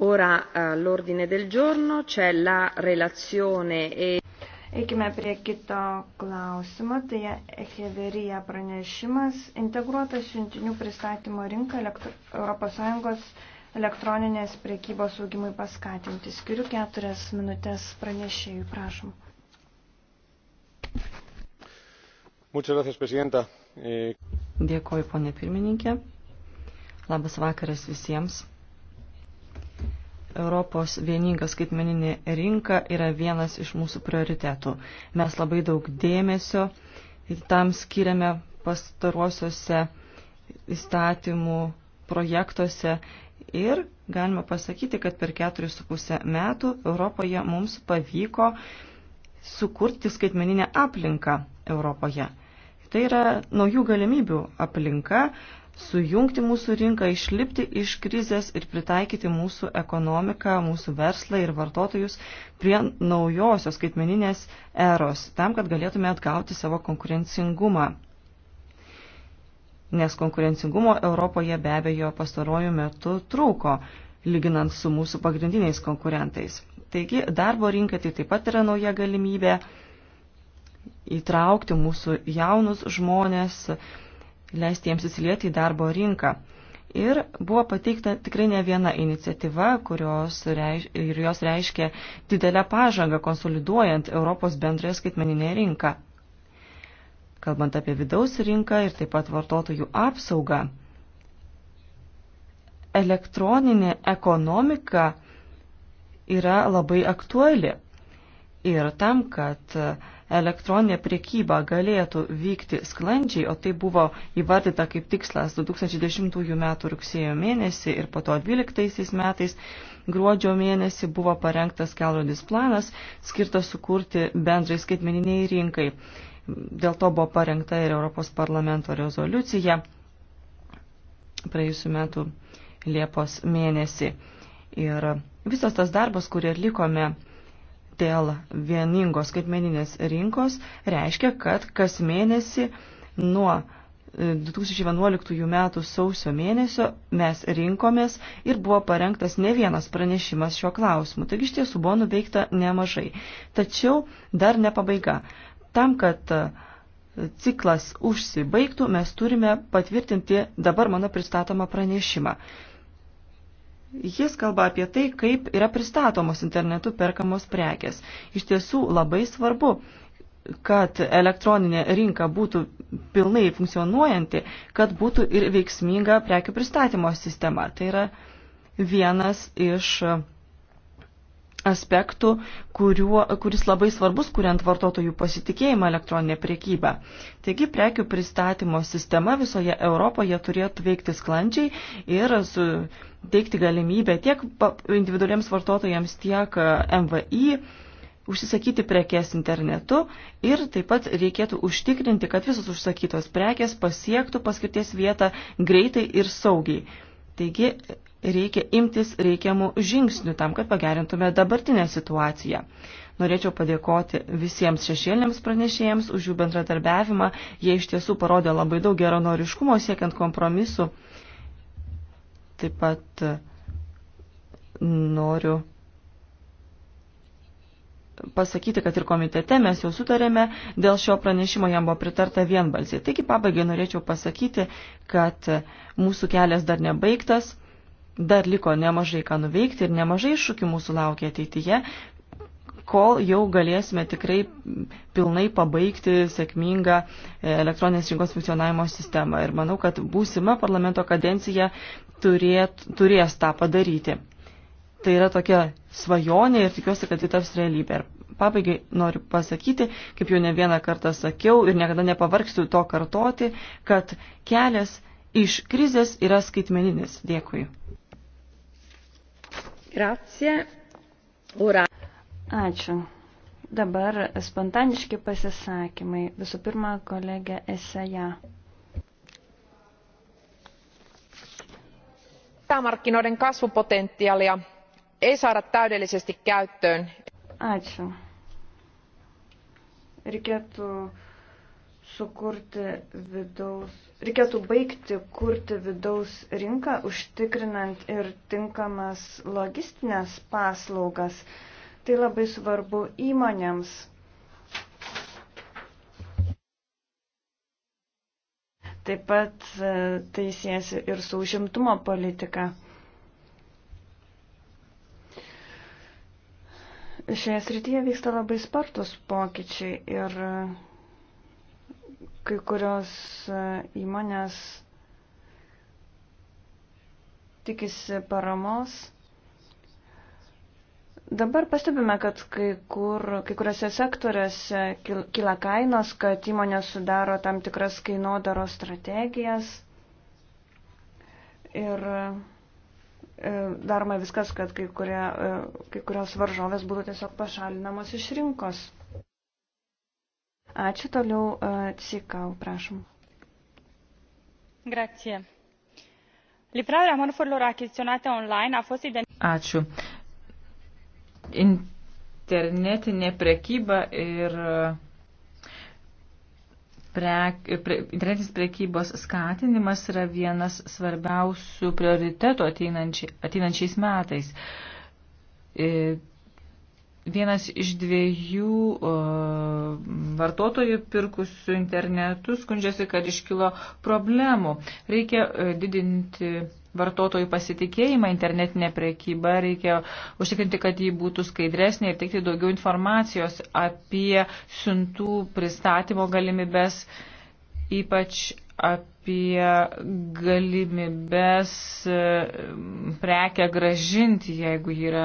Ora all'ordine eh, del giorno c'è la relazione e... Eikime prie kito klausimo, tai Echeverija pranešimas, integruotas siuntinių pristatymo rinka elektro... ES elektroninės priekybos augimui paskatinti. Skiriu keturias minutės pranešėjų, prašom. Muchas gracias, presidenta. Eh, Dėkoju, ponė pirmininkė. Labas vakaras visiems. Europos vieninga skaitmeninė rinka yra vienas iš mūsų prioritetų. Mes labai daug dėmesio tam skiriame pastaruosiuose įstatymų projektuose ir galima pasakyti, kad per 4,5 metų Europoje mums pavyko sukurti skaitmeninę aplinką Europoje. Tai yra naujų galimybių aplinka, sujungti mūsų rinką, išlipti iš krizės ir pritaikyti mūsų ekonomiką, mūsų verslą ir vartotojus prie naujosios skaitmeninės eros, tam, kad galėtume atgauti savo konkurencingumą. Nes konkurencingumo Europoje be abejo pastarojų metų trūko, lyginant su mūsų pagrindiniais konkurentais. Taigi darbo rinka tai taip pat yra nauja galimybė įtraukti mūsų jaunus žmonės, leisti jiems įsilieti į darbo rinką. Ir buvo pateikta tikrai ne viena iniciatyva, kurios reiš, ir jos reiškia didelę pažangą konsoliduojant Europos bendrąją skaitmeninę rinką. Kalbant apie vidaus rinką ir taip pat vartotojų apsaugą, elektroninė ekonomika yra labai aktuali. Ir tam, kad elektroninė priekyba galėtų vykti sklandžiai, o tai buvo įvardyta kaip tikslas 2010 m. rugsėjo mėnesį ir po to 12 metais gruodžio mėnesį buvo parengtas kelrodis planas, skirtas sukurti bendrai skaitmeniniai rinkai. Dėl to buvo parengta ir Europos parlamento rezoliucija praėjusiu metu Liepos mėnesį. Ir visas tas darbas, kurį atlikome dėl vieningos skaitmeninės rinkos reiškia, kad kas mėnesį nuo 2011 e, metų sausio mėnesio mes rinkomės ir buvo parengtas ne vienas pranešimas šiuo klausimu. Taigi iš tiesų buvo nuveikta nemažai. Tačiau dar ne pabaiga. Tam, kad e, ciklas užsibaigtų, mes turime patvirtinti dabar mano pristatomą pranešimą. Jis kalba apie tai, kaip yra pristatomos internetu perkamos prekės. Iš tiesų labai svarbu, kad elektroninė rinka būtų pilnai funkcionuojanti, kad būtų ir veiksminga prekių pristatymo sistema. Tai yra vienas iš aspektų, kuriuo, kuris labai svarbus, kuriant vartotojų pasitikėjimą elektroninė priekyba. Taigi prekių pristatymo sistema visoje Europoje turėtų veikti sklandžiai ir suteikti galimybę tiek individualiems vartotojams, tiek e, MVI užsisakyti prekes internetu ir taip pat reikėtų užtikrinti, kad visos užsakytos prekes pasiektų paskirties vietą greitai ir saugiai. Taigi reikia imtis reikiamų žingsnių tam, kad pagerintume dabartinę situaciją. Norėčiau padėkoti visiems šešėlėms pranešėjams už jų bendradarbiavimą. Jie iš tiesų parodė labai daug geronoriškumo siekiant kompromisu. Taip pat e, noriu pasakyti, kad ir komitete mes jau sutarėme, dėl šio pranešimo jam buvo pritarta vienbalsiai. Taigi pabaigai norėčiau pasakyti, kad e, mūsų kelias dar nebaigtas dar liko nemažai ką nuveikti ir nemažai iššūkių mūsų laukia ateityje, kol jau galėsime tikrai pilnai pabaigti sėkmingą e, elektroninės rinkos funkcionavimo sistemą. Ir manau, kad būsima parlamento kadencija turėt, turės tą padaryti. Tai yra tokia svajonė ir tikiuosi, kad ji taps realybė. Ir pabaigai noriu pasakyti, kaip jau ne vieną kartą sakiau ir niekada nepavargsiu to kartoti, kad kelias iš krizės yra skaitmeninis. Dėkui. Grazie. Ura. Ačiū. Dabar spontaniški pasisakymai. Visų pirma, kolegė Eseja. Sisämarkkinoiden kasvupotentiaalia ei saada täydellisesti käyttöön. Ačiū. Reikėtų sukurti vidaus reikėtų baigti kurti vidaus rinką, užtikrinant ir tinkamas logistinės paslaugas. Tai labai svarbu įmonėms. Taip pat e, tai siesi ir su užimtumo politika. Šioje srityje vyksta labai spartus pokyčiai ir Kai kurios e, įmonės tikisi paramos. Dabar pastebime, kad kai, kur, kai kuriuose sektoriuose kyla kainos, kad įmonės sudaro tam tikras kainodaro strategijas ir e, daroma viskas, kad kai, kurie, e, kai kurios varžovės būtų tiesiog pašalinamos iš rinkos. Ačiū toliau, Tsikau, e, prašom. Grazie. Livrarea mărfurilor achiziționate online a fost identificată. Ačiū. Internetinė prekyba ir e, pre, pre, internetinis prekybos skatinimas yra vienas svarbiausių prioritetų ateinanči, ateinančiais metais. E, Vienas iš dviejų o, vartotojų pirkusių internetu skundžiasi, kad iškilo problemų. Reikia e, didinti vartotojų pasitikėjimą internetinė prekyba, reikia užtikrinti, kad jį būtų skaidresnė ir teikti daugiau informacijos apie siuntų pristatymo galimybės. E, ypač apie galimybės e, prekę gražinti, jeigu ji yra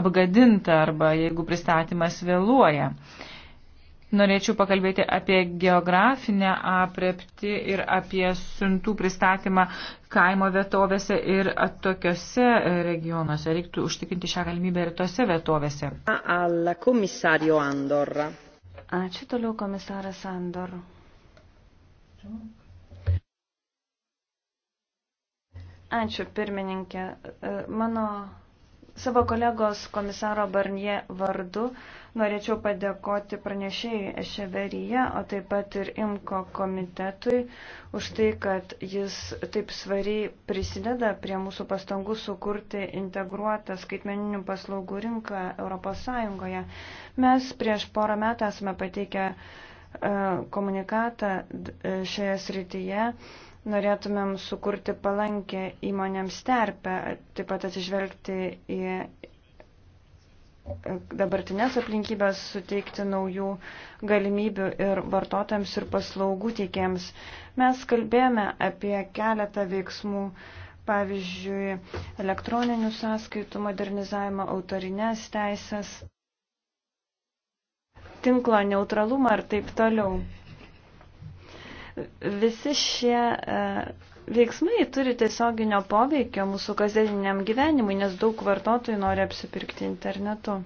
apgadinta arba jeigu pristatymas vėluoja. Norėčiau pakalbėti apie geografinę aprepti ir apie siuntų pristatymą kaimo vietovėse ir tokiuose regionuose. Reiktų užtikrinti šią galimybę ir tose vietovėse. Ačiū toliau komisaras Andor. Ačiū, pirmininkė. E, mano savo kolegos komisaro Barnie vardu norėčiau padėkoti pranešėjai Eševeryje, o taip pat ir IMKO komitetui už tai, kad jis taip svariai prisideda prie mūsų pastangų sukurti integruotą skaitmeninių paslaugų rinką ES. Mes prieš porą metų esame pateikę E, komunikatą e, šioje srityje norėtumėm sukurti palankę įmonėms terpę, taip pat atsižvelgti į e, dabartinės aplinkybės, suteikti naujų galimybių ir vartotojams ir paslaugų teikėjams. Mes kalbėjome apie keletą veiksmų, pavyzdžiui, elektroninių sąskaitų modernizavimą, autorinės teisės tinklo neutralumą ir taip toliau. Visi šie e, veiksmai turi tiesioginio poveikio mūsų kasdieniniam gyvenimui, nes daug vartotojų nori apsipirkti internetu.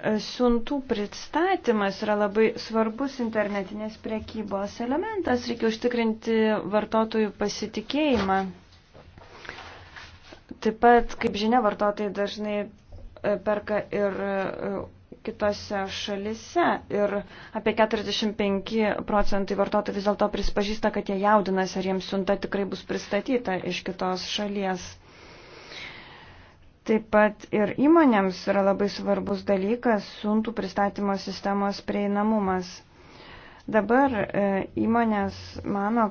E, siuntų pristatymas yra labai svarbus internetinės priekybos elementas, reikia užtikrinti vartotojų pasitikėjimą. Taip pat, kaip žinia, vartotojai dažnai e, perka ir kitose šalise ir apie 45 procentai vartotojų vis dėlto prispažįsta, kad jie jaudinasi, ar jiems siunta tikrai bus pristatyta iš kitos šalies. Taip pat ir įmonėms yra labai svarbus dalykas siuntų pristatymo sistemos prieinamumas. Dabar e, įmonės mano,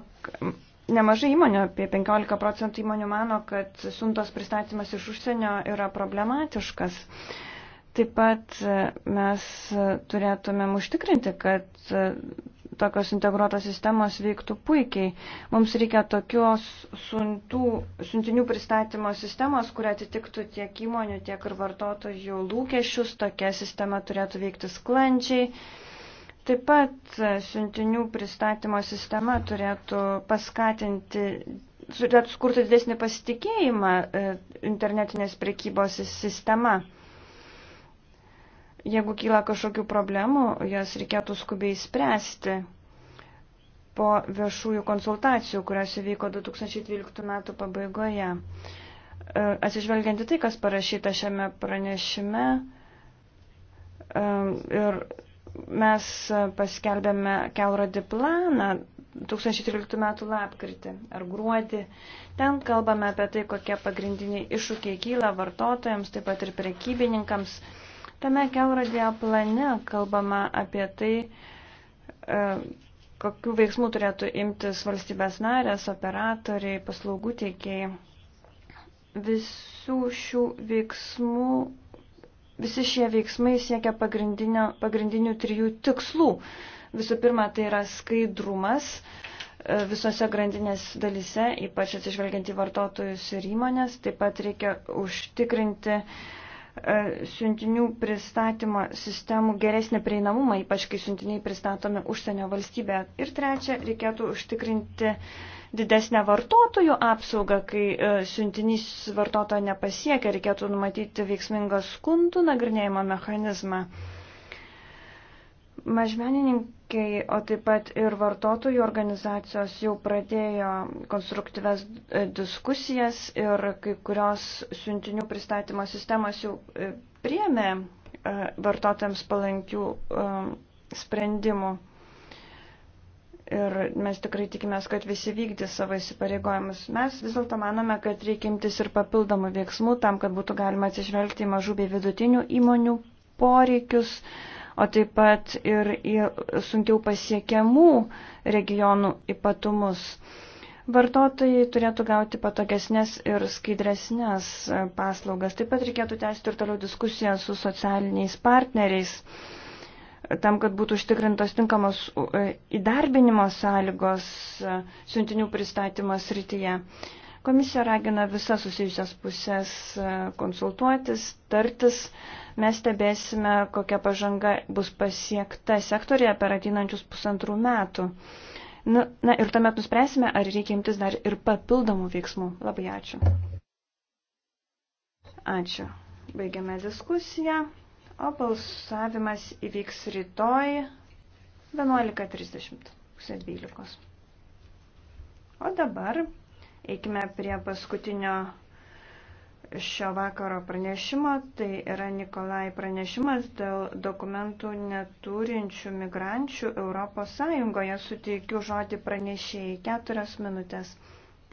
nemažai įmonių, apie 15 procentų įmonių mano, kad siuntos pristatymas iš užsienio yra problematiškas. E, Taip pat e, mes turėtumėm užtikrinti, kad e, tokios integruotos sistemos veiktų puikiai. Mums reikia tokios suntų, suntinių pristatymo sistemos, kuria atitiktų tiek įmonių, tiek ir vartotojų lūkesčius. Tokia sistema turėtų veikti sklandžiai. Taip pat e, siuntinių pristatymo sistema turėtų paskatinti, turėtų skurti didesnį pasitikėjimą internetinės prekybos sistema. Jeigu kyla kažkokių problemų, jas reikėtų skubiai spręsti po viešųjų konsultacijų, kurios įvyko 2012 metų pabaigoje. E, Atsižvelgianti tai, kas parašyta šiame pranešime, e, ir mes paskelbėme kelrodį planą 2013 metų lapkritį ar gruodį. Ten kalbame apie tai, kokie pagrindiniai iššūkiai kyla vartotojams, taip pat ir prekybininkams. Tame kelrodėje plane kalbama apie tai, e, kokių veiksmų turėtų imtis valstybės narės, operatoriai, paslaugų teikėjai. Visų šių veiksmų, visi šie veiksmai siekia pagrindinių trijų tikslų. Visų pirma, tai yra skaidrumas e, visose grandinės dalise, ypač atsižvelgiant į vartotojus ir įmonės. Taip pat reikia užtikrinti uh, E, siuntinių pristatymo sistemų geresnį prieinamumą, ypač kai siuntiniai pristatomi užsienio valstybėje. Ir trečia, reikėtų užtikrinti didesnę vartotojų apsaugą, kai e, siuntinys vartotojo nepasiekia, reikėtų numatyti veiksmingą skundų nagrinėjimo mechanizmą. Mažmenininkai, o taip pat ir vartotojų organizacijos jau pradėjo konstruktyves e, diskusijas ir kai kurios siuntinių pristatymo sistemas jau e, priemė e, vartotojams palankių sprendimų. Ir mes tikrai tikimės, kad visi vykdys savo įsipareigojimus. Mes vis dėlto manome, kad reikia imtis ir papildomų veiksmų tam, kad būtų galima atsižvelgti į mažų bei vidutinių įmonių poreikius. Uh, o taip pat ir į sunkiau pasiekiamų regionų ypatumus. Vartotojai turėtų gauti patogesnės ir skaidresnės paslaugas. Taip pat reikėtų tęsti ir toliau diskusiją su socialiniais partneriais, tam, kad būtų užtikrintos tinkamos e, įdarbinimo sąlygos e, siuntinių pristatymas rytyje. Komisija ragina visas susijusias pusės e, konsultuotis, tartis. Mes stebėsime, kokia pažanga bus pasiekta sektorija per ateinančius pusantrų metų. Na, nu, na ir tuomet nuspręsime, ar reikia imtis dar ir papildomų veiksmų. Labai ačiū. Ačiū. Baigiame diskusiją, o balsavimas įvyks rytoj 11.30. 12. O dabar Eikime prie paskutinio šio vakaro pranešimo. Tai yra Nikolai pranešimas dėl dokumentų neturinčių migrančių Europos Sąjungoje. Suteikiu žodį pranešėjai keturias minutės.